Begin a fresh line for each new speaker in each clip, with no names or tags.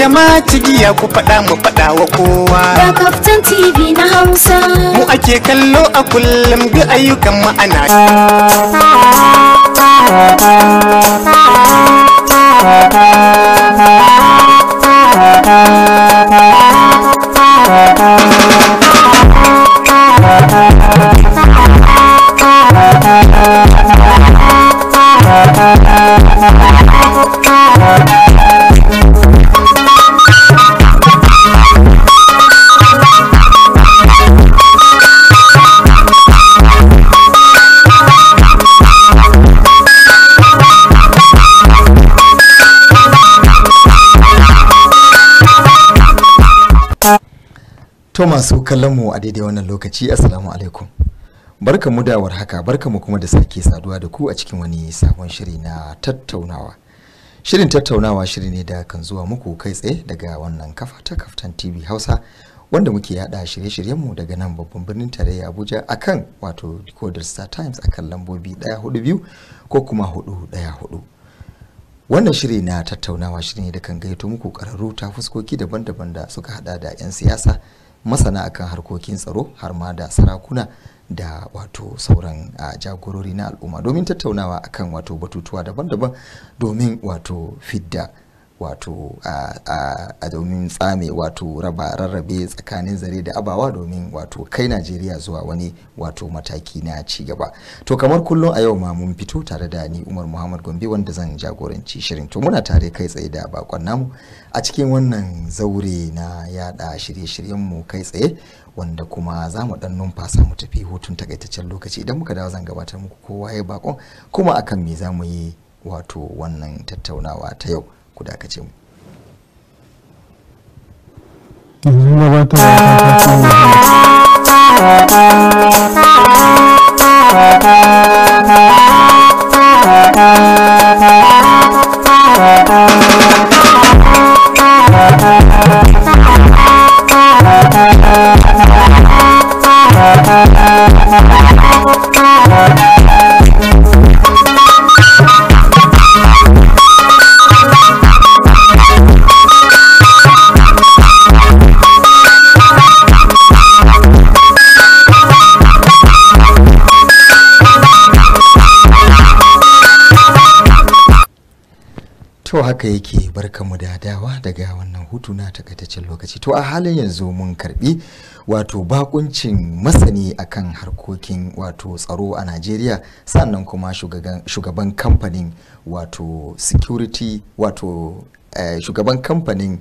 da ma cigiya ku faɗa mu faɗawa wa kowa.
Da kaftan TV na Hausa.
Mu ake kallo a kullum duk ayyukan mu ana.
To masu kallon mu a daidai wannan lokaci assalamu alaikum. Barkamu da barka mu kuma da sake saduwa da ku a cikin wani sabon shiri na tattaunawa. Shirin tattaunawa shiri ne da kan zuwa muku kai tsaye daga wannan kafa ta Kaftan TV Hausa wanda muke yada shirye shiryen mu daga nan babban birnin tarayya Abuja akan wato Decoder Star Times akan lambobi 142 ko kuma 414. wannan shiri na tattaunawa shiri ne da kan gaito muku ƙararru ta fuskoki daban-daban da suka hada da 'yan siyasa masana akan harkokin tsaro har ma da sarakuna da wato sauran jagorori na al'umma domin tattaunawa akan wato batutuwa daban-daban domin wato fidda wato a domin tsame wato raba rarrabe tsakanin zare da abawa domin wato kai najeriya zuwa wani wato mataki na ci gaba to kamar kullum a yau ma mun fito tare da ni umar muhammad gombe wanda zan jagoranci shirin to muna tare kai tsaye da bakon namu a cikin wannan zaure na yada shirye shiryen mu kai tsaye wanda kuma za mu dan numfasa mu tafi hutun takaitaccen lokaci idan muka dawo zan gabatar muku kowa ya bakon kuma akan me za mu yi wato wannan tattaunawa ta yau ku dakace mu
Thank you.
to haka yake barkamu da dawa daga wannan hutu na takaitaccen lokaci to a halin yanzu mun karbi wato bakuncin masani akan harkokin wato tsaro a najeriya sannan kuma shugaban kamfanin wato security wato eh, shugaban kamfanin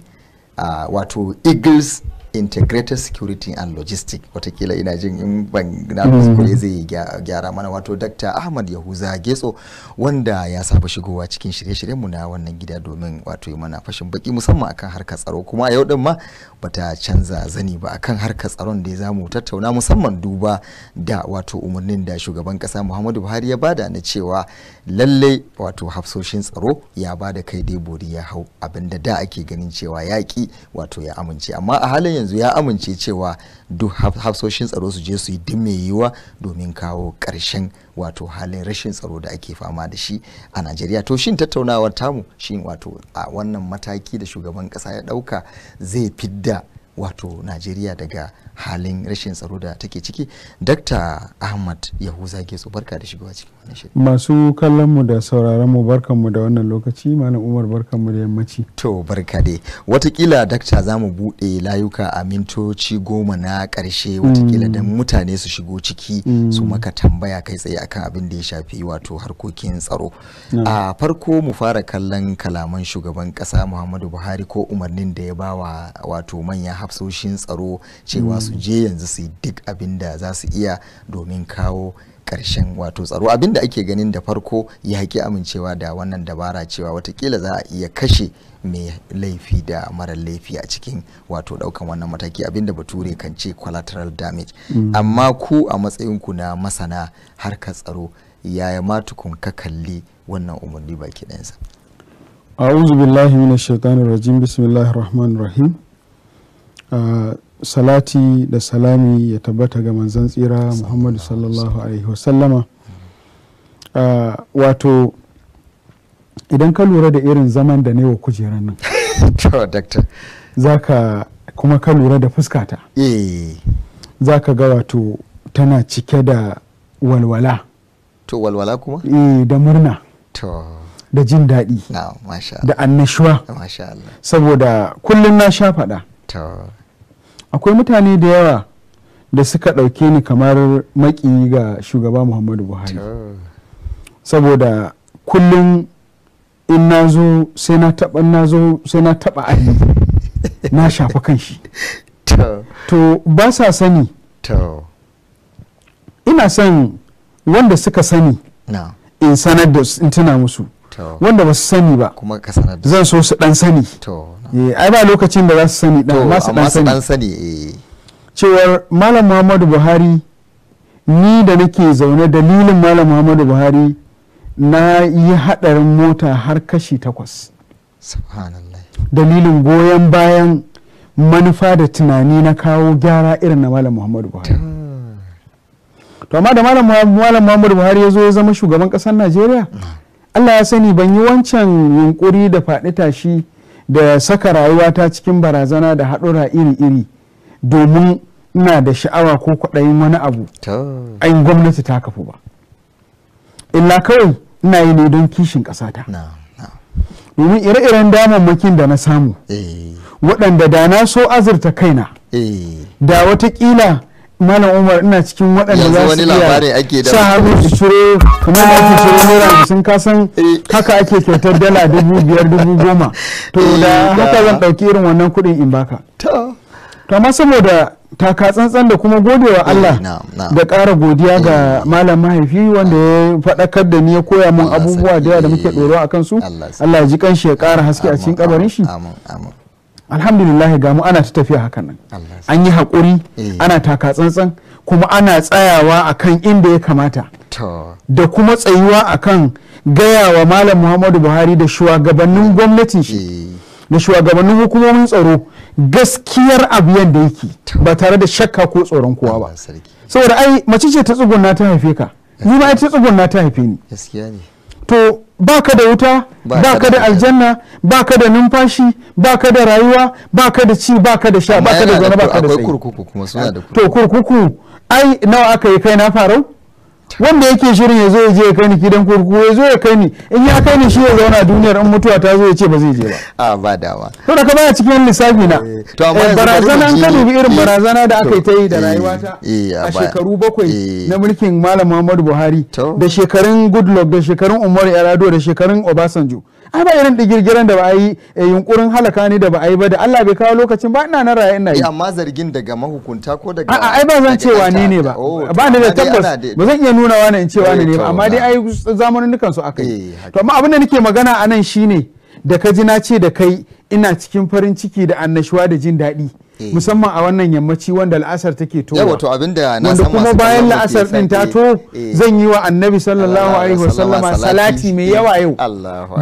ah, wato eagles integrated security and logistic watakila ina jin in ban na kuskure mm. zai gyara mana wato dr ahmad yahuza getso wanda ya saba shigowa cikin shirye shiryen mu na wannan gida domin wato yi mana fashin baki musamman akan harkar tsaro kuma yau din ma bata canza zani ba akan harkar tsaron da ya zamu tattauna musamman duba da wato umarnin da shugaban kasa muhammadu buhari ya bada na cewa lallai wato hafsoshin tsaro ya bada kai dai bori ya hau abinda da ake ganin cewa yaƙi wato ya amince amma a halin yanzu ya amince cewa duk hafsoshin tsaro su je su yi duk mai yiwuwa domin kawo ƙarshen wato halin rashin tsaro da ake fama da shi a najeriya to shin tattaunawar tamu shin wato a wannan mataki da shugaban ƙasa ya ɗauka zai fidda wato najeriya daga halin rashin tsaro da take ciki dr ahmad yahuza getso barka da shigowa ciki
masu kallon da sauraron mu barkan da wannan lokaci malam umar barkan da yammaci to barka dai
watakila dakta za mu buɗe layuka a mintoci goma na ƙarshe watakila mm. don mutane su shigo ciki mm. su maka tambaya kai tsaye akan abin da ya shafi wato harkokin tsaro a farko mu fara kallon kalaman shugaban ƙasa muhammadu buhari ko umarnin da ya ba wa wato manyan hafsoshin tsaro cewa mm. su je yanzu su yi duk abin da za su iya domin kawo karshen wato tsaro abin da ake ganin da farko ya haƙi amincewa da wannan dabara cewa watakila za a iya kashe mai laifi da mara laifi a cikin wato ɗaukan wannan mataki abin da bature kan ce collateral damage mm. amma ku a matsayinku na masana harkar tsaro ya yi matukun ka kalli wannan umarni baki ɗansa.
a'udhu billahi minash shaitanir rajim bismillahir rahmanir rahim ah, salati da salami ya tabbata ga manzan tsira muhammadu sallallahu alaihi wasallama wato idan ka lura da irin zaman da ne wa kujeran nan za ka kuma ka lura da fuskata
eh.
za ka ga wato tana cike da walwala
to walwala kuma?
Eh, da murna da jin daɗi da annashuwa saboda kullum na sha faɗa akwai mutane da yawa da suka ɗauke ni kamar maki ga shugaba muhammadu buhari saboda kullum in na zo sai na taɓa na zo sai na taɓa ali na shafa kan shi to ba sa sani ina son wanda suka sani in sanar da in tuna musu wanda ba su sani ba zan so su dan sani eh, ai ba lokacin da za su sani dan amma su dan
sani eh.
cewar malam muhammadu buhari ni da nake zaune dalilin malam muhammadu buhari na yi hadarin mota har kashi takwas dalilin goyon bayan manufa da tunani na kawo gyara irin na malam muhammadu buhari to amma da malam muhammadu buhari ya zo ya zama shugaban kasar najeriya allah ya sani ban yi wancan yunkuri da faɗi tashi da saka rayuwata cikin barazana da haɗura iri-iri domin ina da sha'awa ko kwaɗayin wani abu ayin gwamnati ta kafu ba illa kawai ina yi ne don kishin ƙasata domin ire-iren damammakin da na samu eh. waɗanda da na so azurta kaina eh. da watakila malam umar ina cikin waɗanda za su iya sa hannu su ciro kuma ya ke ciro kasan eh. haka ake kyautar dala dubu biyar dubu goma to eh, da haka zan ɗauki irin wannan kuɗin in baka to amma saboda taka tsantsan da kuma godewa eh, Allah da ƙara godiya ga malam mahaifi wanda ya faɗakar da ni ya koya min abubuwa da yawa da muke ɗoro a su Allah ya ji kanshi ya ƙara haske a cikin kabarin shi alhamdulillah ga mu ana tafiya hakan nan an yi haƙuri eh. ana taka tsantsan kuma ana tsayawa akan inda ya kamata da kuma tsayuwa akan gaya wa malam muhammadu buhari da shugabannin gwamnatin shi eh. da shugabannin hukumomin tsaro gaskiyar abu yadda yake ba tare da shakka ko tsoron kowa ba saboda ai mace ce ta tsugunna ta haife ka ni ma ta tsugunna ta haife ni to baka da wuta baka da aljanna baka da numfashi baka da rayuwa baka da ci baka da sha baka da ba baka da
sai to
kurkuku ai nawa aka yi kai na farau wanda yake shirin ya zo ya je ya kai ni gidan kurku ya zo ya kai ni in ya kai ni shi ya zauna duniyar in mutuwa ta zo ya ce ba zai je ba
a ba dawa
to da ka ba cikin lissafi na eh, to amma eh, barazana an ka dubi irin barazana da aka ta yi da eh, rayuwata a shekaru bakwai na mulkin malam Muhammadu Buhari da shekarun Goodluck da shekarun Umar Yar'adua da shekarun Obasanjo ai ba irin digirgiran da ba a yi eh, yunkurin halaka ni da ba a yi ba da Allah bai kawo lokacin ba ina na raye ina yi eh,
amma zargin daga mahukunta ko daga a'a ai ba zan cewa ni ne ba oh, ba ni da tabbas ba zan iya nuna wani in cewa ni ne ba eh, amma dai ai
zamanin su aka yi to amma abin da nake magana anan shine da ka ji na ce da kai ina cikin farin ciki da annashuwa da jin daɗi Eh. musamman a wannan yammaci wanda al'asar take to wanda kuma bayan la'asar din ta to eh. zan yi wa annabi sallallahu alaihi wasallama salati mai eh. yawa yau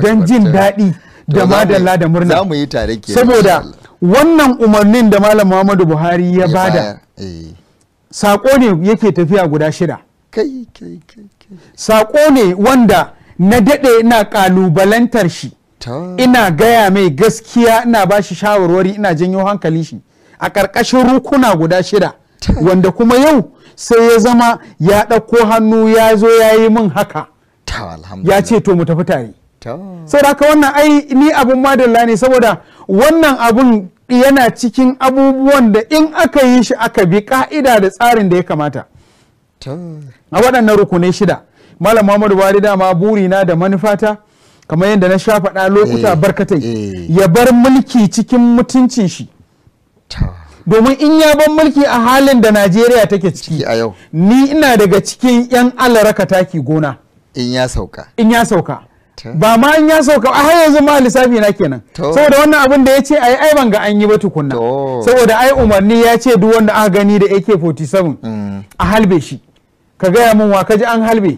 don jin daɗi da madalla da murna saboda wannan umarnin da malam muhammadu buhari ya bada sako ne yake tafiya guda shida sako ne wanda na daɗe ina kalubalantar shi ina gaya mai gaskiya ina bashi shawarwari ina janyo hankali shi a ƙarƙashin rukuna guda shida wanda kuma yau sai ya zama ya ɗauko hannu ya zo ya yi min haka ya ce to mu tafi tare saboda haka wannan ai ni abin madalla ne saboda wannan abun yana cikin abubuwan da in aka yi shi aka bi ka'ida da tsarin da ya kamata
a
waɗannan rukunai shida malam muhammadu buhari dama burina da manufata kamar yadda na sha faɗa lokuta eh, barkatai eh. ya bar mulki cikin mutuncin shi domin in ya ban mulki a halin da najeriya take ciki a yau ni ina daga cikin yan alaraka taki gona in ya sauka in ya sauka ba ma in ya sauka a har yanzu ma lissafi na kenan saboda wannan abin da ya ce ai ai ban ga an yi ba tukunna saboda ai umarni ya ce duk wanda aka gani da AK47 mm. a halbe shi ka gaya min wa kaji an halbe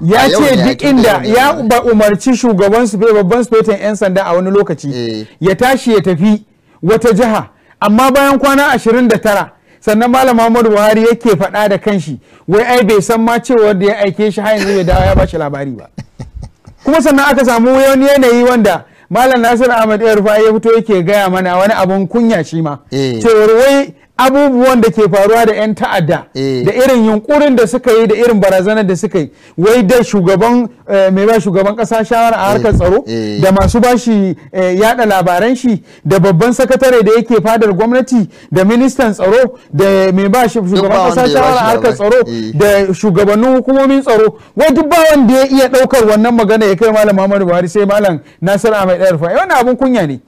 ya ce duk inda ya ba umarci shugaban su babban sufetan yan sanda a wani lokaci eh. ya tashi ya tafi wata jiha amma bayan kwana 29 sannan malam Muhammadu Buhari yake faɗa da kanshi wai ai bai san ma cewa da ya aike shi har yanzu dawo ya ba shi labari ba kuma sannan aka samu wani yanayi wanda malam Nasiru Ahmad rufa ya fito yake gaya mana wani abun kunya shi ma
eh. cewar
wai abubuwan da ke faruwa da 'yan ta'adda eh. da irin yunkurin da suka yi da irin barazanar da suka yi wai da shugaban eh, mai ba shugaban kasa shawara a eh. harkar tsaro da masu bashi yada labaran shi da babban sakatare da yake fadar gwamnati da ministan tsaro da mai ba shugaban kasa shawara a harkar tsaro da shugabannin hukumomin tsaro wai duk ba wanda ya iya daukar wannan magana ya kai malam Muhammadu Buhari sai malam Nasir Ahmed Alfa wannan abun kunya ne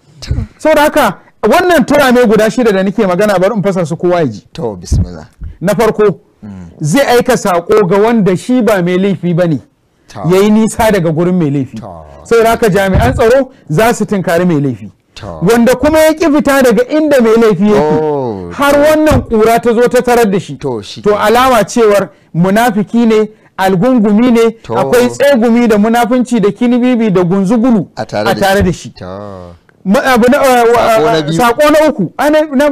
saboda haka wannan turame guda shida da nake magana bari in fasa su kowa ji to bismillah na farko zai aika sako ga wanda shi ba mai laifi ba ne ya yi nisa daga gurin mai laifi sai raka jami'an tsaro za su tunkari mai laifi wanda kuma ya ƙi fita daga inda mai laifi yake oh, har wannan ƙura ta zo ta tarar da shi to alama cewar munafiki ne algungumi ne akwai tsegumi da munafunci da kinibibi da gunzugulu a tare da shi Uh, uh, sako na uku ah, na uku ne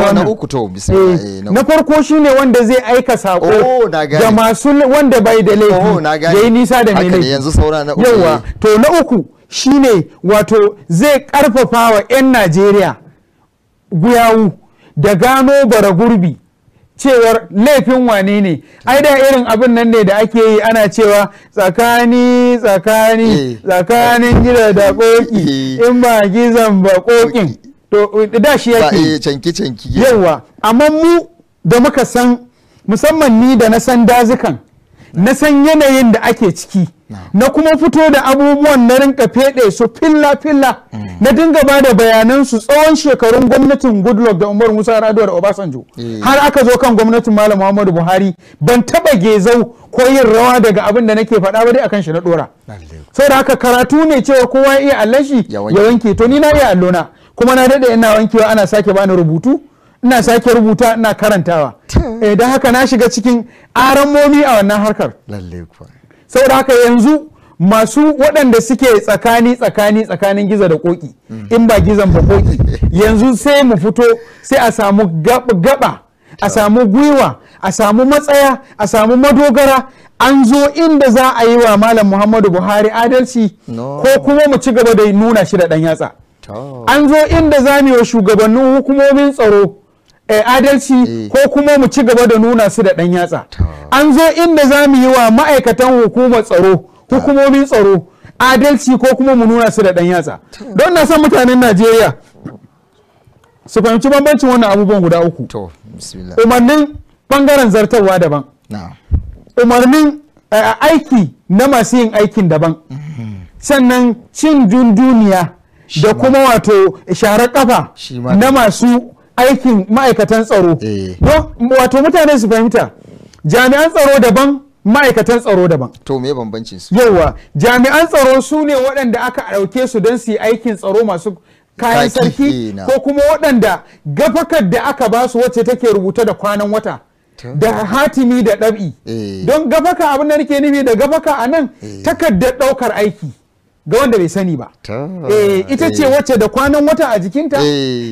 oh, wannan eh, eh, na na farko shine wanda zai aika sako oh, ga masu wanda bai da laifi oh, yayi nisa da mai laifi yanzu
saura na uku yawa
to na uku shine wato zai karfafa wa 'yan najeriya guyawu da gano bara gurbi cewar laifin wane ne ai da irin abin nan ne da ake yi ana cewa tsakani tsakani eh. tsakanin gida da koki eh. in ba gizan ba kokin to da shi yake eh, canki canki yawa amma mu da muka san musamman ni da na san dazukan na san yanayin da ake ciki na kuma fito da abubuwan na rinka fede su filla-filla mm. na dinga ba da bayanan su tsawon shekarun gwamnatin goodluck da umar musa rado da obasanjo eh. har aka zo kan gwamnatin malam muhammadu buhari ban taba gezau ko yin rawa daga abin da nake faɗa ba dai akan shi na ɗora da haka karatu ne cewa kowa ya iya allashi ya wanke to ni na iya allona kuma na daɗe ina wankewa ana sake bani rubutu ina sake rubuta ina karantawa eh haka na shiga cikin aramomi a wannan harkar saboda haka yanzu masu waɗanda suke tsakani tsakani tsakanin giza da koki in ba gizan ba koki yanzu sai mu fito sai a samu gaba a samu gwiwa a samu matsaya a samu madogara an zo inda za a yi wa malam muhammadu buhari adalci ko kuma mu ci gaba da nuna shi da ɗan yatsa an zo inda za mu yi wa shugabannin hukumomin tsaro Eh, adalci eh. ko kuma mu ci gaba da nuna su da ɗan yatsa an zo inda za mu yi wa ma'aikatan hukumar tsaro hukumomin tsaro adalci ko kuma mu nuna su da ɗan yatsa don na san mutanen najeriya su fahimci bambancin wannan abubuwan guda uku umarnin bangaren zartarwa daban umarnin eh, aiki na masu yin aikin daban mm-hmm. sannan cin dunduniya da kuma wato sharar kafa na masu aikin ma'aikatan tsaro eh. wato mutane su fahimta jami'an tsaro daban ma'aikatan tsaro daban to me bambancin su yawwa jami'an tsaro su ne waɗanda aka ɗauke su don su yi aikin tsaro masu kayan
sarki ko
kuma waɗanda gafakar da aka ba su wacce take rubuta da kwanan wata da hatimi da ɗabi eh. don gafaka abin da nake nufi da gafaka a nan eh. takardar ɗaukar aiki ga wanda bai sani ba ita ce wacce da kwanan wata a jikinta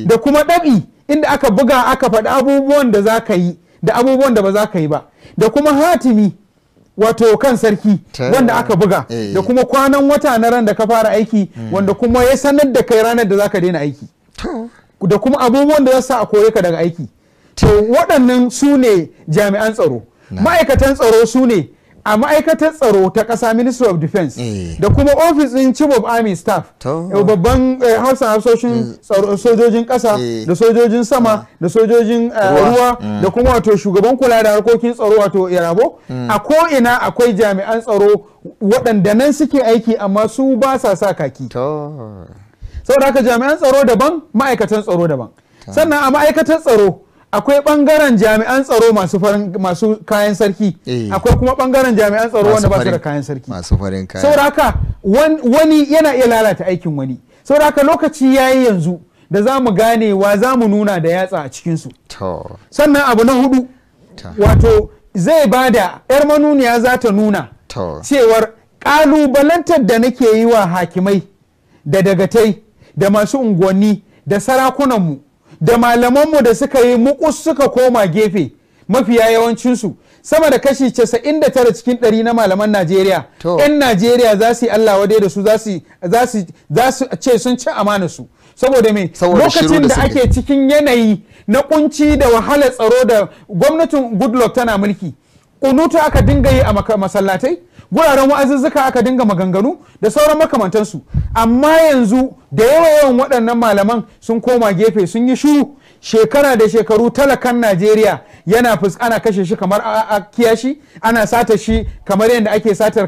da kuma ɗabi inda aka buga aka faɗi abubuwan da za ka yi da abubuwan da ba za ka yi ba da kuma hatimi wato kan sarki wanda aka buga eh. da kuma kwanan wata na ran da ka fara aiki hmm. wanda kuma ya sanar da kai ranar da za ka daina aiki da kuma abubuwan da za sa a kore ka daga aiki to waɗannan su ne jami'an tsaro ma'aikatan tsaro su ne a ma'aikatar tsaro ta ƙasa ministry of defense eh. da kuma ofis ɗin chief of army staff eh, babban eh, hafsan hafsoshin sojojin ƙasa da sojojin sama ah. da sojojin ruwa mm. da kuma wato shugaban kula da harkokin tsaro wato yarabo mm. a ko'ina akwai jami'an tsaro waɗanda nan suke aiki amma su ba sa sa kaki saboda haka jami'an tsaro daban ma'aikatan tsaro daban sannan a ma'aikatan tsaro akwai bangaren jami'an tsaro masu farin masu kayan sarki eh. akwai kuma bangaren jami'an tsaro wanda ba su da
kayan sarki masu farin kayan saboda
haka wani yana iya lalata aikin wani saboda haka lokaci yayi yanzu da za mu ganewa za mu nuna da yatsa a cikin su sannan abu na hudu wato zai ba da yar manuniya za ta nuna cewar kalubalantar da nake yi wa hakimai da dagatai da masu unguwanni da sarakunanmu da malamanmu da suka yi mukus suka koma gefe mafiya yawancinsu sama da kashi 99 cikin 100 na malaman Najeriya 'yan Najeriya za su yi Allah wadai da su za su ce sun ci amana su saboda me lokacin da ake cikin yanayi na kunci da wahalar tsaro da gwamnatin Goodluck tana mulki kunuta aka dinga yi a masallatai guraren wa'azuzzuka aka dinga maganganu da sauran makamantansu amma yanzu da yawa yawan waɗannan malaman sun koma gefe sun yi shuru. shekara da shekaru talakan najeriya yana ana kashe shi kamar a kiyashi ana sata shi kamar yadda ake satar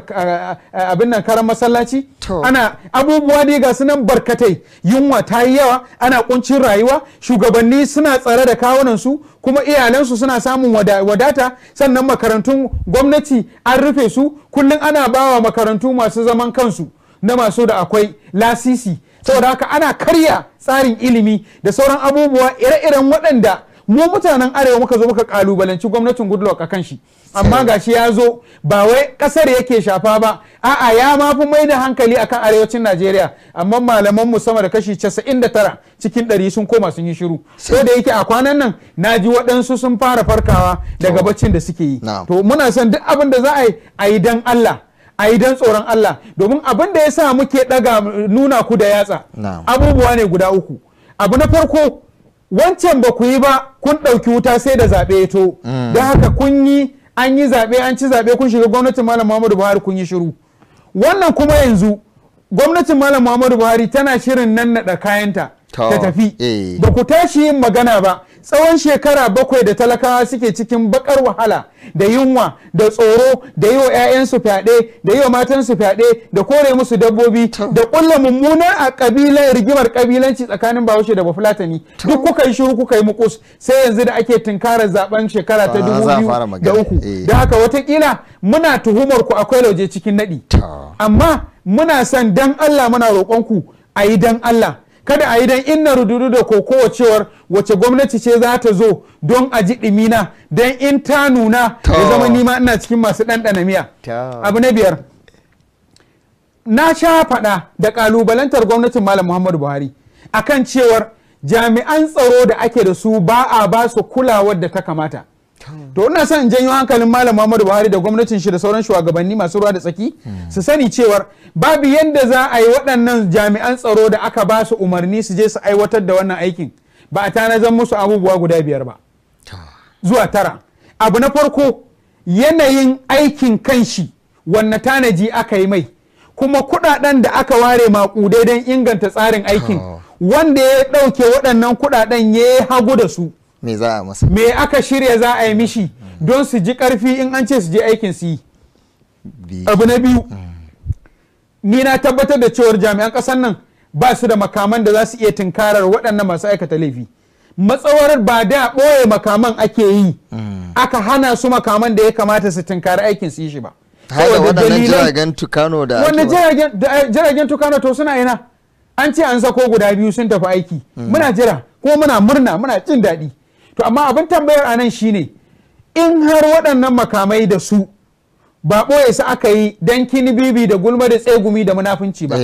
abin nan karan masallaci ana abubuwa dai ga sunan barkatai yunwa ta yi yawa ana kuncin rayuwa shugabanni suna tsare da kawunan su kuma iyalansu suna samun wadata sannan makarantun gwamnati an rufe su kullum ana bawa makarantu masu zaman kansu na masu da akwai lasisi saboda haka ana karya tsarin ilimi da sauran abubuwa ire-iren waɗanda mu mutanen arewa muka zo muka kalubalanci gwamnatin goodluck akan shi amma gashi ya zo ba wai kasar yake shafa ba a'a ya ma fi mai da hankali akan arewacin najeriya amma malaman mu sama da kashi 99 cikin 100 sun koma sun yi shiru ko da yake a kwanan nan na ji waɗansu sun fara farkawa daga baccin da suke yi to muna son duk abin da za a yi a yi dan allah a yi don tsoron Allah domin abin da ya sa muke daga nuna ku da yatsa abubuwa ne guda uku abu na farko wancan ba ku yi ba kun ɗauki wuta sai da zaɓe ya to mm. da haka kun yi an yi zaɓe an ci zaɓe kun shiga gwamnatin malam muhammadu buhari kun yi shiru wannan kuma yanzu gwamnatin malam muhammadu buhari tana shirin nan naɗa kayanta ta tafi eh. ba ku tashi yin magana ba tsawon shekara bakwai da talakawa suke cikin bakar wahala da yunwa da tsoro da yi wa 'ya'yansu fyaɗe da yi wa matansu fyaɗe da kore musu dabbobi da ƙulla mummunar a ƙabilan rigimar ƙabilanci tsakanin bahaushe da bafulatani duk kuka yi shiru kuka yi mukus sai yanzu da ake tunkarar zaɓen shekara ta dubu biyu da
uku eh. da
haka watakila muna tuhumar ku akwai lauje cikin naɗi amma muna son dan Allah muna roƙonku a yi dan Allah kada a yi dan inna rududu da kokowa cewar wace gwamnati ce za ta zo don a ji dimina don in ta nuna ya zama nima ina cikin masu ɗanɗana miya abu na biyar na sha faɗa da ƙalubalantar gwamnatin malam muhammadu buhari akan cewar jami'an tsaro da ake da su ba a ba su kulawar da ta kamata to ina son in janyo hankalin malam Muhammadu Buhari da gwamnatin shi da sauran shugabanni masu ruwa da tsaki su sani cewar babu yadda za a yi waɗannan jami'an tsaro da aka ba su umarni su je su aiwatar da wannan aikin ba a tanazan musu abubuwa guda biyar ba zuwa tara abu na farko yanayin aikin kanshi wanne tanaji aka yi mai kuma kuɗaɗen da aka ware maƙudai don inganta tsarin aikin wanda ya ɗauke waɗannan kuɗaɗen ya yi hagu da su
me za a masa
me aka shirya za a yi mishi don su ji karfi in an ce su je aikin su yi abu na biyu mm. ni na tabbatar da cewar jami'an ƙasar nan ba su da makaman da za su iya tunkarar waɗannan masu aikata laifi matsawar ba da ɓoye makaman ake yi mm. aka hana su makaman da ya kamata su tunkari aikin su yi shi ba saboda jiragen tukano da to suna ina an ce an sako guda biyu sun tafi aiki mm. muna jira kuma muna murna muna jin daɗi to amma abin tambayar a nan shine in har waɗannan makamai da su ba ɓoye su aka yi don kini bibi da gulma da tsegumi da munafunci ba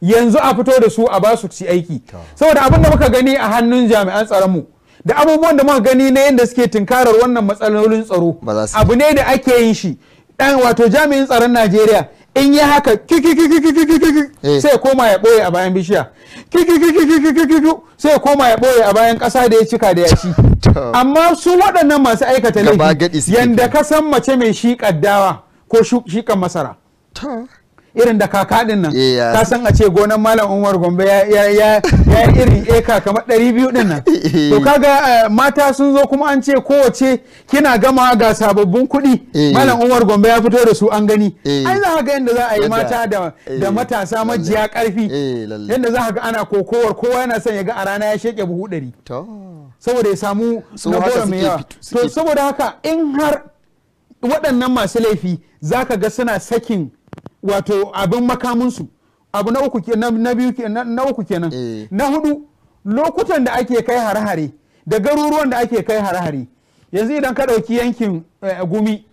yanzu a fito da su a ba su ci aiki saboda abin da muka gani a hannun jami'an tsaronmu da abubuwan da muka gani na yadda suke tunkarar wannan matsalolin tsaro abu ne da ake yin shi dan wato jami'in tsaron Najeriya in yi haka sai koma ya ɓoye a bayan bishiya sai koma ya ɓoye a bayan ƙasa da ya cika da yashi amma su waɗannan masu aikata laifi yadda ka san mace mai shi dawa ko shi masara irin da kakaɗin nan eh, ka san a ce gonan malam umar gombe ya irin eka kamar ɗari biyu din nan eh. to kaga eh, mata sun zo kuma an ce kowace kina gama ga sababbin kuɗi malam umar gombe ya fito da su an gani ai za ga yadda za a yi mata da matasa majiya ƙarfi yadda za ga ana kokowar kowa yana son ya ga a rana ya sheƙe buhu ɗari saboda ya samu na goro mai yawa to saboda haka in har waɗannan masu laifi za ka ga suna sakin wato abin makaminsu abu na uku na biyu na uku kenan eh. na hudu lokutan da ake kai hare-hare da garuruwan da ake kai hare-hare yanzu idan ka ɗauki yankin eh, gumi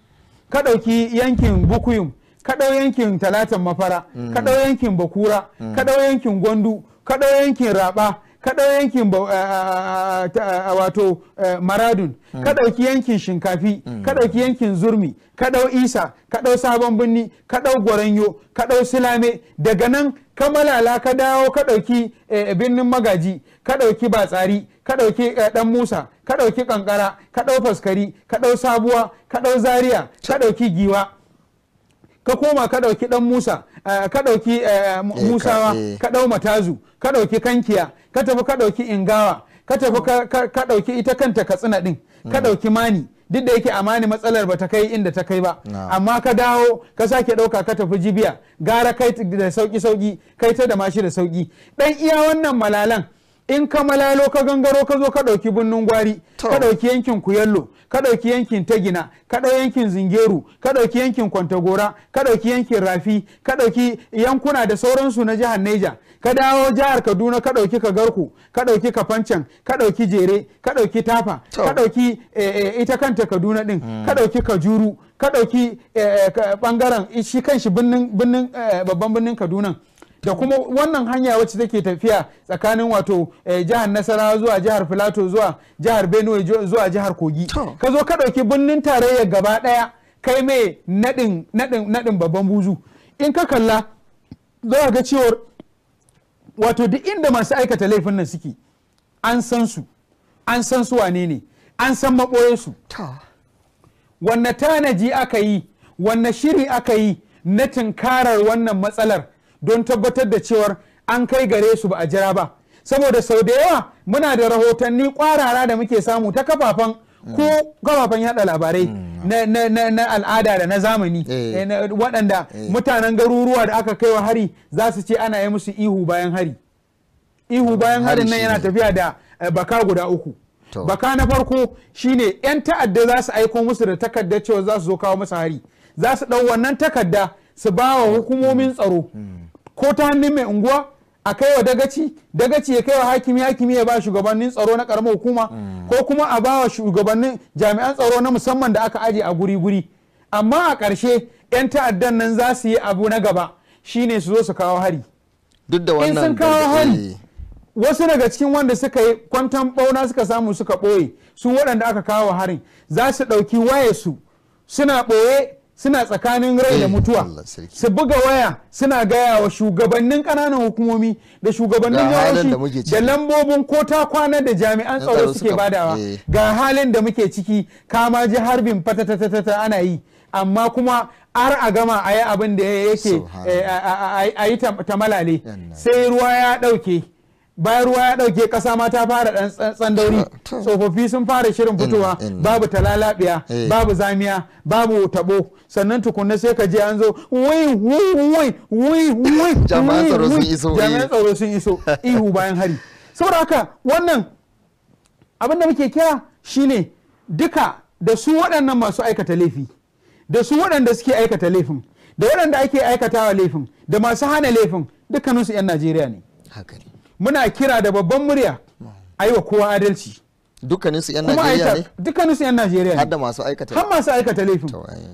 ka ɗauki yankin bukuyum ka dau yankin talatan mafara ka dau mm. yankin bakura ka dau yankin gwandu ka dau yankin raba kaɗau ɗau yankin wato maradun ka ɗauki yankin shinkafi mm. ka ɗauki yankin zurmi kaɗau isa kaɗau sabon birni kaɗau gwaranyo kaɗau silame daga nan ka malala ka dawo ka ɗauki eh, birnin magaji ka ɗauki batsari ka ɗauki eh, ɗan musa ka ɗauki ƙanƙara. ka ɗau faskari ka ɗau sabuwa ka ɗau zaria ka ɗauki giwa ka koma ka ɗauki ɗan musa eh, ka ɗauki musawa ka ɗau matazu ka ɗauki kankiya ka tafi ka ɗauki ingawa ka tafi ka ɗauki ita kanta katsina ɗin ka mm. ɗauki mani duk da yake amani matsalar ba ta kai inda ta kai ba amma ka dawo ka sake ɗauka ka tafi jibiya gara kai da sauki sauki kai ta da mashi da sauki ɗan iya wannan malalan in ka malalo ka gangaro ka zo ka ɗauki birnin gwari ka ɗauki yankin kuyallo ka ɗauki yankin tagina ka ɗauki yankin zingeru ka ɗauki yankin kwantagora ka ɗauki yankin rafi ka ɗauki yankuna da sauransu na jihar neja ka dawo jihar kaduna ka ɗauki kagarku ka ɗauki fancan ka ɗauki jere ka ɗauki tafa ka ɗauki ita kanta kaduna ɗin ka ɗauki kajuru ka ɗauki ɓangaren shi shi babban birnin kaduna da kuma wannan hanya wacce take tafiya tsakanin wato eh, jihar nasarawa zuwa jihar filato zuwa jihar benue zuwa jihar kogi ka zo ka ɗauki birnin tarayya gaba ɗaya kai mai naɗin babban buzu in ka kalla za ga cewar wato duk inda masu aikata laifin nan suke an san su an san su wane ne an san maɓoyarsu wanne tanaji aka yi wanne shiri aka yi na tunkarar wannan matsalar don tabbatar da cewar an kai gare su ba a jira ba saboda sau da yawa muna da rahotanni kwarara da muke samu ta kafafen ko mm. kafafen yada labarai mm. na al'ada da na zamani eh. Eh, waɗanda eh. mutanen garuruwa da aka kai wa hari za su ce ana yi musu ihu bayan hari ihu bayan harin nan yana tafiya da baka guda uku baka na farko shine 'yan ta'adda za su aiko musu da takardar cewa za su zo kawo musu hari za su ɗau wannan takarda su ba wa mm. hukumomin tsaro ko ta hannun mai unguwa a kai wa dagaci dagaci ya kai wa hakimi hakimi ya ba shugabannin tsaro na karamar hukuma mm. ko kuma a ba wa shugabannin jami'an tsaro na musamman da aka aje a guri guri amma a ƙarshe 'yan ta'addan nan za su yi abu na gaba shine su zo su kawo hari duk da wannan sun kawo hari eh. wasu daga cikin wanda suka yi kwantan bauna suka samu suka ɓoye su waɗanda aka kawo harin za su ɗauki waye su suna ɓoye suna tsakanin rai da eh, mutuwa su buga waya suna gaya wa shugabannin kananan hukumomi da shugabannin yawanci da lambobin ko ta kwana da jami'an tsaro suke badawa eh. ga halin da muke ciki kama ji harbin fatatatatata ana yi amma kuma har a gama a yi abin da yake eh, a yi ta malale sai ruwa ya ɗauke. bayan ruwa ya ɗauke ƙasa ma ta fara ɗan tsantsan dauri tsofaffi sun fara shirin fitowa babu talalabiya eh. babu zamiya babu tabo sannan tukunna sai ka je an zo wai wai wai wai eh. jami'an tsaro sun iso ihu bayan hari saboda haka wannan abin da muke kira shine duka da su waɗannan masu aikata laifi da su waɗanda suke aikata laifin da waɗanda ake aikatawa laifin da masu hana laifin dukkaninsu 'yan najeriya ne muna kira da babban murya a kowa adalci dukkaninsu 'yan najeriya ne dukkaninsu 'yan najeriya ne har masu aikata laifin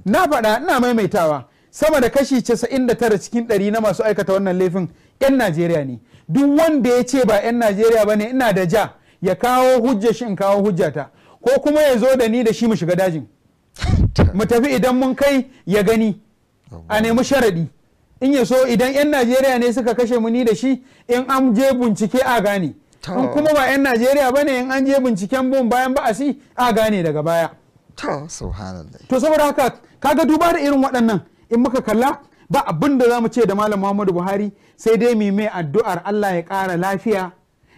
na faɗa ina maimaitawa sama da kashi 99 cikin 100 na masu aikata wannan laifin 'yan najeriya ne duk wanda ya ce ba 'yan najeriya ba ne ina da ja ya kawo hujja shi in kawo hujjata ko kuma ya zo da ni da shi mu shiga dajin mu tafi idan mun kai ya gani a nemi sharaɗi in ya so idan 'yan najeriya ne suka kashe mu ni da shi in an je bincike a gane in kuma ba 'yan najeriya ba ne in an je binciken bin bayan ba'asi a gane daga baya to saboda haka kaga duba da irin waɗannan in muka kalla ba abin da za mu ce da malam muhammadu buhari sai dai mu mai addu'ar allah ya kara lafiya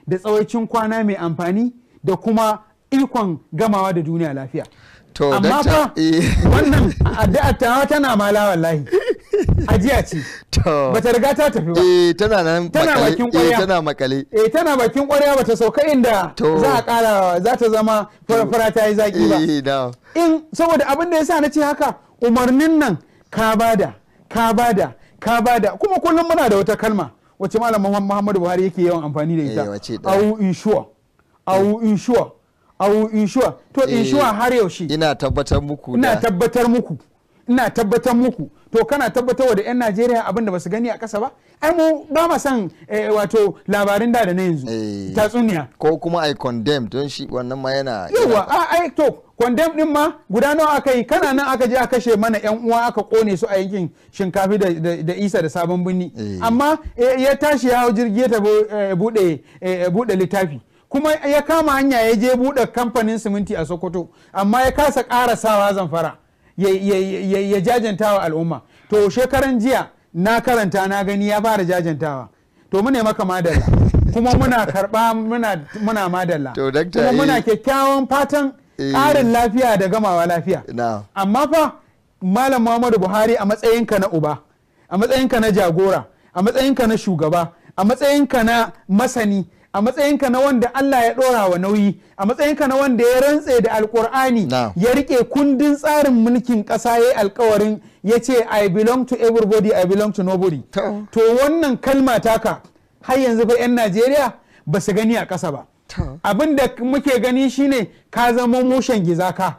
da tsawaicin kwana mai amfani da kuma ikon gamawa da duniya lafiya amma fa eh. wannan addu'ar ta tana ma wallahi ajiya ce bata riga ta tafi ba eh tana nan tana bakin kwarya eh, tana makale eh tana bakin kwarya bata sauka inda za a kara za ta zama farfara ta yi zaki ba eh, in saboda abin da yasa ce haka umarnin nan ka bada ka bada ka bada kuma kullum muna da wata kalma wace malam Muhammadu Buhari yake yawan amfani da ita eh, au insure au insure au insure to insure har yaushe
ina tabbatar muku ina
tabbatar muku ina tabbatar muku to kana tabbatar wa da 'yan najeriya abin da ba su gani a ƙasa ba ai mu ba ma san eh, wato labarin da da na yanzu eh. tatsuniya ko kuma ai condemn don shi wannan ma yana yawa a ai to condemn din ma guda nawa aka yi kana nan aka je a kashe mana yan uwa aka kone su a yankin shinkafi da isa da sabon birni eh. amma ya tashi ya hau jirgi ta bude littafi kuma ya kama hanya ya je buɗe kamfanin siminti a sokoto amma ya kasa sawa zamfara ya jajantawa al'umma to shekaran jiya na karanta na gani ya fara jajantawa to mu ne maka madalla kuma muna karba muna madalla
kuma muna eh.
kyakkyawan fatan karin eh. lafiya da gamawa lafiya amma fa malam muhammadu buhari a matsayinka na uba a matsayinka na jagora a matsayinka na shugaba a matsayinka na masani a matsayinka na wanda Allah ya ɗora wa nauyi a matsayinka na wanda ya rantse da alkur'ani ya rike kundin tsarin mulkin ƙasa ya yi alkawarin ya ce i belong to everybody i belong to nobody to wannan kalma taka har yanzu fa 'yan najeriya ba su gani a ƙasa ba abin da muke gani shine ka zama mushen gizaka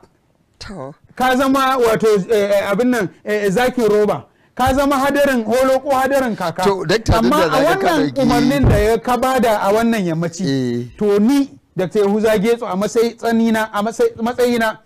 ka zama wato eh, eh, abin nan eh, zakin roba ka zama hadarin holo ko hadarin kaka amma a wannan umarnin da ya ka bada a wannan yammaci eh. to ni da ta yahuza getso a matsayina a eh. matsayina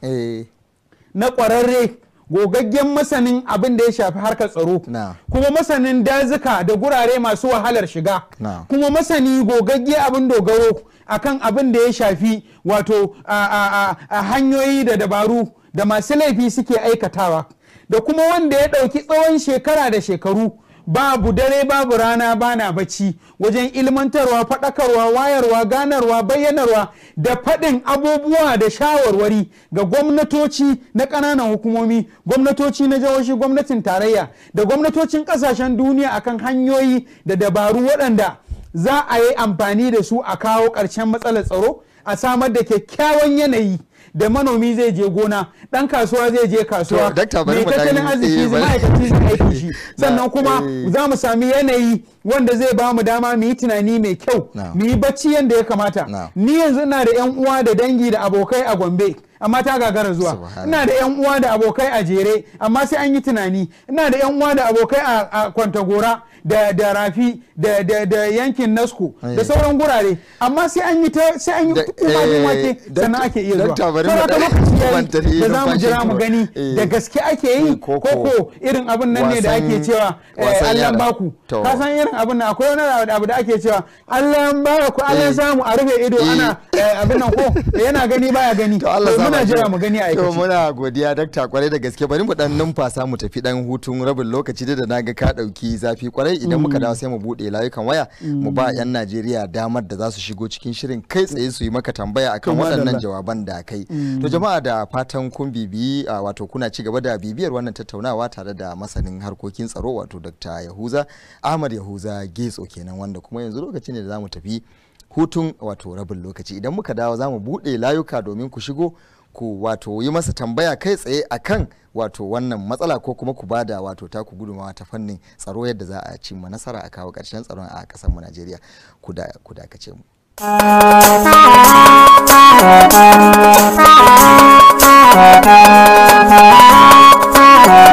na kwararre gogaggen masanin abin da ya shafi harkar tsaro kuma masanin dazuka da gurare masu wahalar shiga kuma masani gogagge abin dogaro akan abin da ya shafi wato a hanyoyi da dabaru da masu laifi suke aikatawa da kuma wanda ya ɗauki tsawon shekara da shekaru babu dare babu rana bana bacci wajen ilmantarwa faɗakarwa wayarwa ganarwa bayyanarwa da faɗin abubuwa da shawarwari ga gwamnatoci na ƙananan hukumomi gwamnatoci na jihohi gwamnatin tarayya da gwamnatocin ƙasashen duniya akan hanyoyi da dabaru waɗanda za a yi amfani da su a kawo ƙarshen matsalar tsaro a samar da kyakkyawan yanayi da manomi zai je gona dan kasuwa zai je kasuwa mai tattalin arziki eh, ma'aikaci zai aiki
shi sannan kuma
eh. za mu sami yanayi wanda zai ba mu dama mu yi tunani mai kyau mu yi bacci yanda ya kamata ni yanzu ina da yan uwa da dangi da abokai a gombe amma ta gagara zuwa ina da yan uwa da abokai a jere amma sai an yi tunani ina da yan uwa da abokai a kwantagora da da rafi da da da yankin nasko da eh. sauran gurare amma sai an yi ta sai an yi umarni eh, wake sannan ake iya zuwa saboda haka lokaci yayi eh, da zamu jira mu gani da gaske ake yi koko irin abin nan ne da ake cewa Allah baku ka san irin abin nan akwai wani abu da ake cewa Allah baku Allah samu a rufe ido ana abin nan ko yana gani baya gani muna jira mu gani a aikace
muna godiya dakta kwarai da gaske bari mu dan numfasa mu tafi dan hutun rabin lokaci da na ga ka dauki zafi kwarai idan muka dawo mm. sai mu buɗe layukan waya mm. mu ba 'yan Najeriya damar da za su shigo cikin shirin kai tsaye su yi maka tambaya akan waɗannan jawaban da kai. Mm. To jama'a da fatan kun bibiyi wato kuna ci gaba da bibiyar wannan tattaunawa tare da masanin harkokin tsaro wato Dr. Yahuza Ahmad Yahuza Getso kenan wanda kuma yanzu lokaci ne da za mu tafi hutun wato rabin lokaci idan muka dawo za mu buɗe layuka domin ku shigo ku wato yi masa tambaya kai tsaye a kan wato wannan matsala ko kuma ku bada wato taku gudunmawa ta fannin tsaro yadda za a ci nasara a kawo ƙarshen tsaron a ƙasar mu Najeriya ku da dakace mu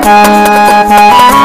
Thank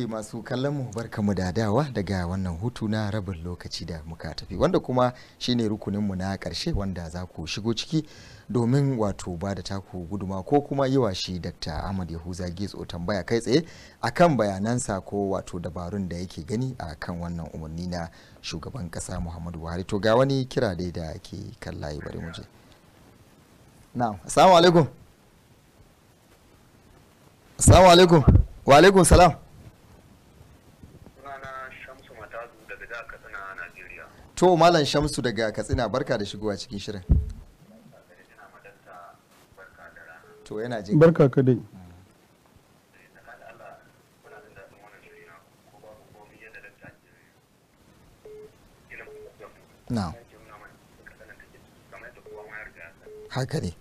yake masu kallon mu barkamu da dawa daga wannan hutu na rabin lokaci da muka tafi wanda kuma shine rukunin mu na karshe wanda za ku shigo ciki domin wato ba da taku guduma ko kuma yi wa shi Dr. Ahmad Yahuza Gitso tambaya kai tsaye akan bayanansa ko wato dabarun da yake gani a kan wannan umarni na shugaban kasa Muhammadu Buhari to ga wani kira dai da ke kallaye bari mu je assalamu alaikum assalamu alaikum wa alaikum salam to malam shamsu daga katsina barka da shigowa cikin shirin to yana jin barka
ka dai na
haka ne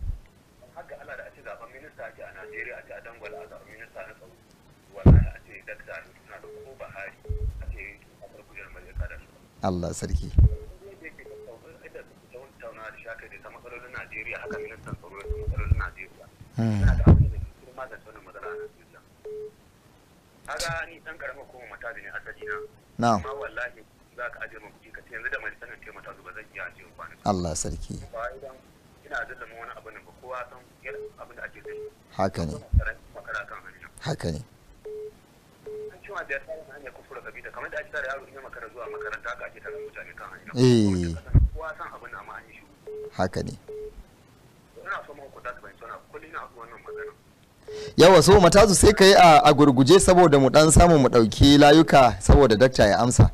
Allah sarki
hmm. kaga ni dan karamin kuma mata ne asali na na'am amma wallahi
za ka ajiye mu yanzu da mai sanin ce mata zan iya ajiye ba Allah sarki ba idan
ina wani abu ba kowa san abin da ake haka ne haka ne cewa da yasa hanyar kamar da ake yaro ina makara zuwa eh. yi ne
ina
so mun kuɗa sai kai a a gurguje saboda mu dan samu mu dauki layuka saboda dakta ya amsa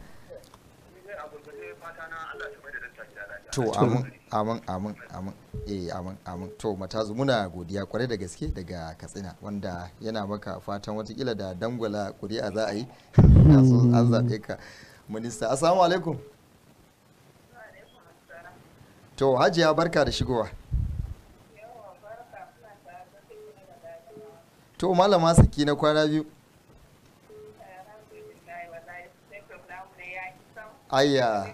to amma amin amin amin eh amin amin to matazu muna godiya kwarai da gaske daga katsina wanda yana maka fatan watakila da dangwala kuri'a za a yi an zaɓe ka minista assalamu alaikum to hajiya barka da shigowa to malama saki na kwana biyu ayya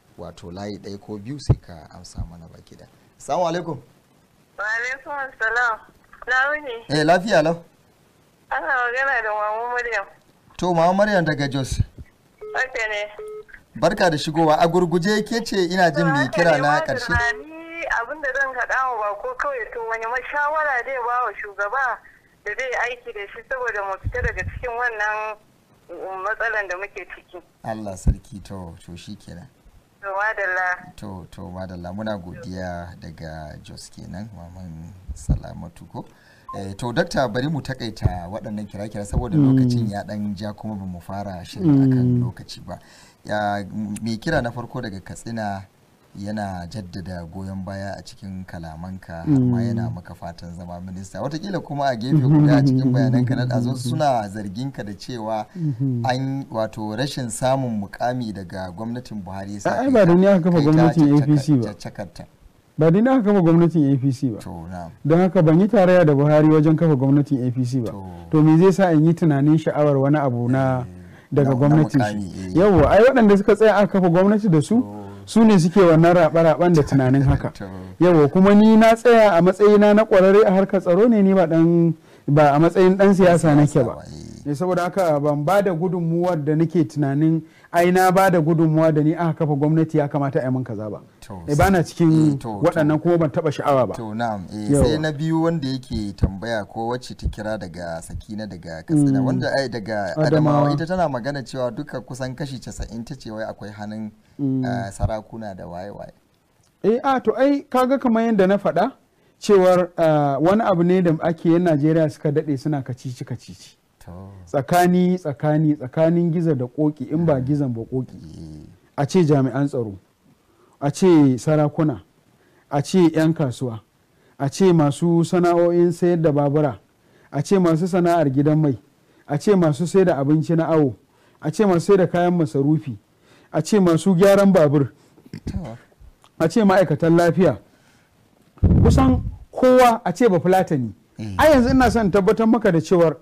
wato layi ɗaya ko biyu sai ka amsa mana baki da assalamu alaikum
wa alaikum assalam
launi eh lafiya lau ana magana da mamu maryam to mamu maryam daga jos haka ne barka da shigowa a gurguje ke ce ina jin mai kira na karshe abin abinda zan kaɗa wa ba ko kawai tun wani mashawara zai ba wa shugaba da zai aiki da shi saboda mu fita daga cikin wannan
matsalan da muke ciki
Allah sarki to to shi kenan to to madalla muna godiya daga jos kenan maman salamatu ko eh, to dakta bari mu takaita waɗannan kira-kira saboda mm. lokacin ya ɗan ja kuma ba mu fara shirin mm. akan lokaci ba ya, mai kira na farko daga katsina yana jaddada goyon baya a cikin kalamanka hmm. amma yana maka fatan zama minista watakila kuma
a
gefe guda a cikin ka na ɗazu suna
zarginka da cewa hmm. an wato rashin samun mukami daga gwamnatin buhari
sa ai ba da aka kafa gwamnatin apc ba ba da aka kafa gwamnatin apc ba don haka ban yi tarayya da buhari wajen kafa gwamnatin apc ba to me zai sa in yi tunanin sha'awar wani abu na eh, daga gwamnatin eh. yawwa ai waɗanda suka tsaya aka kafa gwamnati da su su ne suke wannan raɓa-raɓan da tunanin haka yawa kuma ni na tsaya a matsayina na ƙwararre a harkar tsaro ne ni ba a matsayin ɗan siyasa nake ba eh, saboda haka ban ba da gudunmuwar da nake tunanin ai na ba da gudunmuwa da ni aka kafa gwamnati ya kamata a yi min kaza ba
e ba na cikin waɗannan kuma ban taba sha'awa ba to na'am eh, sai na biyu wanda yake tambaya ko wacce ta kira daga sakina daga katsina mm. wanda ai eh, daga adamawa ita tana magana cewa duka kusan kashi 90 ta ce wai akwai hannun mm. sarakuna da waye-waye
eh a to ai kaga kamar yadda na faɗa cewar wani abu ne da ake yin najeriya suka daɗe suna kacici kacici tsakani tsakani tsakanin giza da koki in ba mm. gizan ba koki mm. a ce jami'an tsaro a ce sarakuna a ce 'yan kasuwa a ce masu sana'o'in sayar da babura a ce masu sana'ar gidan mai a ce masu sai da abinci na awo a ce masu sai da kayan masarufi a ce masu gyaran babur a ce ma'aikatan lafiya kusan kowa a ce ba fulatani mm. a yanzu ina son tabbatar maka da cewar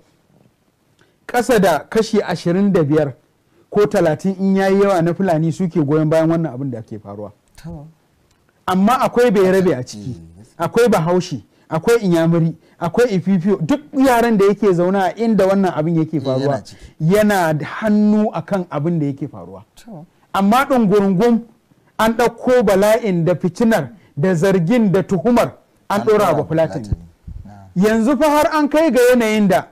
ƙasa da kashi ashirin da biyar ko talatin in yayi yawa na fulani suke goyon bayan wannan abin da ake faruwa amma akwai bayarabe a ciki hmm, akwai bahaushe akwai inyamuri akwai ififiyo duk yaran da yake zauna a inda wannan abin yake eh, faruwa yana da hannu akan abin da yake faruwa amma ɗungurungun an ɗauko bala'in da fitinar da zargin da tuhumar an ɗora wa fulatin yanzu fa har an kai ga yanayin da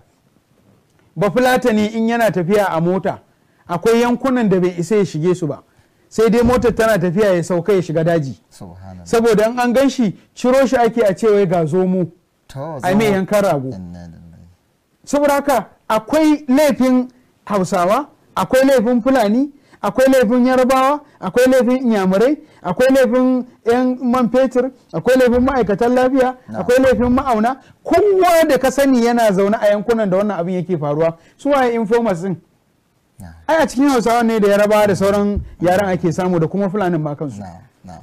bafulatani in yana tafiya a mota akwai yankunan da bai isa ya shige su ba sai dai motar tana tafiya ya sauka ya shiga daji saboda in an gan shi ciro shi ake a cewa ga zomo
a mai yankan rago
saboda haka akwai laifin hausawa akwai laifin fulani akwai laifin yarbawa akwai laifin inyamurai akwai laifin yan man fetur akwai laifin ma'aikatan lafiya akwai laifin ma'auna kowa da ka sani yana zaune a yankunan da wannan abin yake faruwa su waye informers din ai a cikin hausawa ne da yarbawa da sauran yaran ake samu da kuma fulanin ma kansu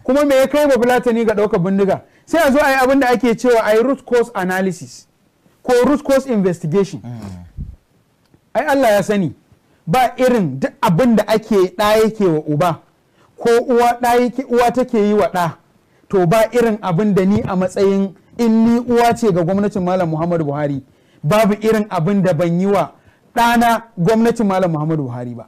kuma me ya kai ba fulatani ga ɗaukar bindiga sai a zo a yi abin da ake cewa a yi root cause analysis ko root cause investigation mm. ai Allah ya sani ba irin duk abin da ake ɗa yake wa uba ko uwa uwa take yi wa ɗa to ba irin abin da ni a matsayin in ni uwa ce ga gwamnatin malam muhammadu buhari babu irin abin da ban yi wa ɗana gwamnatin malam muhammadu buhari ba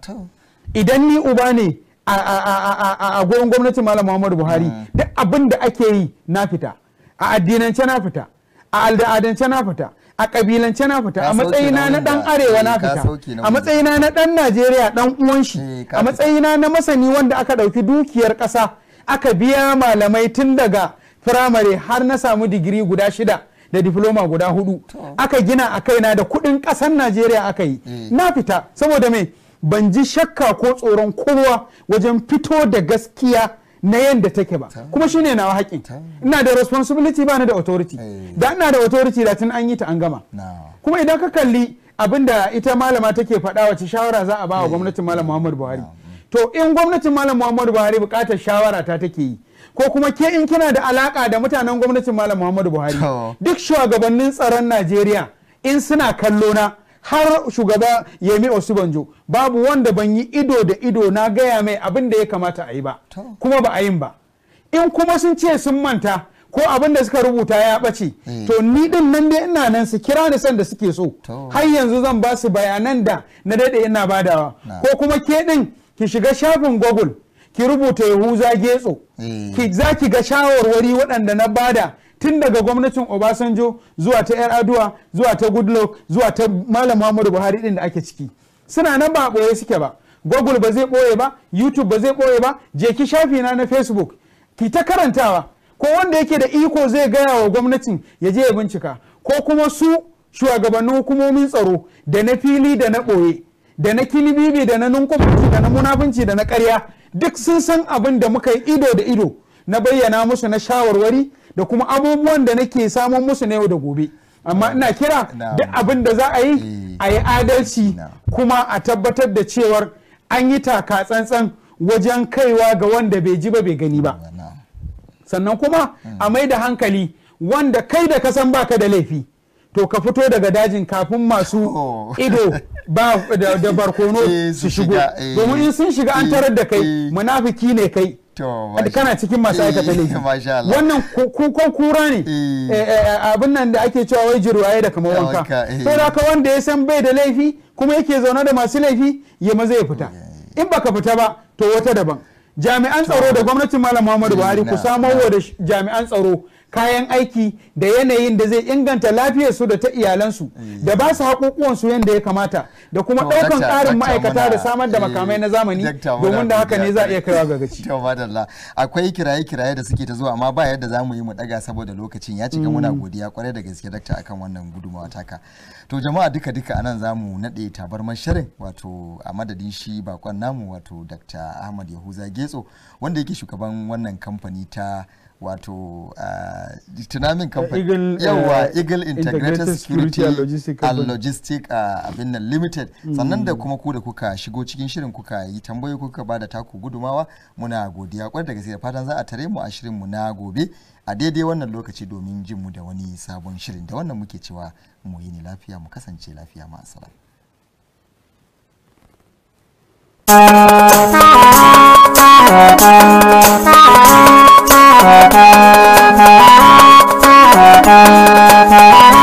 idan ni uba ne a gurin gwamnatin malam muhammadu buhari mm. duk abin da ake yi na fita a addinance na fita a al'adance na fita a kabilance na fita a eh, matsayina na dan arewa na fita a matsayina na dan najeriya dan uwan shi eh, a matsayina na masani wanda aka dauki dukiyar kasa aka biya malamai tun daga firamare har na samu digiri guda shida da diploma guda hudu aka gina a kaina da kudin kasar najeriya aka yi eh. na fita saboda mai ban ji shakka ko tsoron kowa wajen fito da gaskiya na yadda take ba kuma shine nawa haƙi ina da responsibility ba ni da authority eh. da ina da authority da tun an yi ta an gama kuma idan ka kalli abinda ita malama take faɗa wace shawara za a ba wa eh. gwamnatin malam muhammadu buhari to in gwamnatin malam muhammadu buhari buƙatar shawara ta take yi ko kuma ke in kina da alaka da mutanen gwamnatin malam muhammadu buhari duk shugabannin tsaron najeriya in suna kallo na har shugaba yemi osibanjo babu wanda ban yi ido da ido na gaya mai abin da ya kamata a yi ba kuma ba a yin ba in kuma sun ce sun manta ko abin da suka rubuta ya ɓace eh. to ni din nan dai ina nan su kira ni sanda suke so har yanzu zan ba su bayanan da na daɗe ina badawa ko kuma ke din ki shiga shafin google ki rubuta yahuza getso eh. za ki ga shawarwari waɗanda na bada tun daga gwamnatin obasanjo zuwa ta yar aduwa zuwa ta goodluck zuwa ta malam muhammadu buhari din da ake ciki suna nan ba a ɓoye suke ba google ba zai ɓoye ba youtube ba zai ɓoye ba je ki shafi na na facebook ki ta karantawa ko wanda yake da iko zai gaya wa gwamnatin ya je ya bincika ko kuma su shugabannin hukumomin tsaro da na fili da na ɓoye da na kilibibi da na nunkumanci da na munafunci da na karya duk sun san abin da muka yi ido da ido na bayyana musu na shawarwari da kuma abubuwan da nake samun musu na yau da gobe amma ina kira duk abin da za a yi eh. a yi adalci kuma a tabbatar da cewar an yi taka tsantsan wajen kaiwa ga wanda bai ji ba bai gani ba sannan kuma hmm. a mai da hankali wanda kai da kasan baka da laifi to ka fito daga dajin kafin masu oh. ido da barkono eh, su shigo eh. domin in sun shiga an tarar da kai munafiki ne kai to kana cikin masu aikata laifi wannan kukon kura ne eh. Eh, eh, abin nan da ake cewa wai jirwaye da kamar wanka sai da wanda ya san bai da laifi kuma yake zaune da masu laifi ya maza ya fita in baka fita ba to wata daban jami'an tsaro da gwamnatin malam muhammadu buhari ku samar wa da jami'an tsaro kayan aiki da yanayin da zai inganta lafiyarsu da ta iyalansu da ba su haƙoƙuwansu yadda ya kamata da kuma ɗaukan ƙarin ma'aikata da samar da eh, makamai na zamani domin da haka ne za a iya kaiwa ga akwai kiraye-kiraye
da suke ta zuwa amma ba yadda za mu yi mu ɗaga saboda lokacin ya cika muna mm. godiya kwarai da gaske dakta akan wannan gudunmawa taka. To jama'a duka-duka anan za mu naɗe tabarmar shirin wato a madadin shi bakon namu wato dakta Ahmad Yahuza Getso wanda yake shugaban wannan kamfani ta wato ah, tunamin kamfani yawa eh, eagle eh, integrated security and logistic ah, abin nan limited sannan da mm. kuma ku da kuka shigo cikin shirin kuka yi tambayi kuka ba da taku gudumawa muna godiya kwar da gaske da fatan za a tare mu a shirin mu na gobe a daidai wannan lokaci domin jin mu da wani sabon shirin da wannan muke cewa mu yi ne lafiya mu kasance lafiya ma asala Thank you.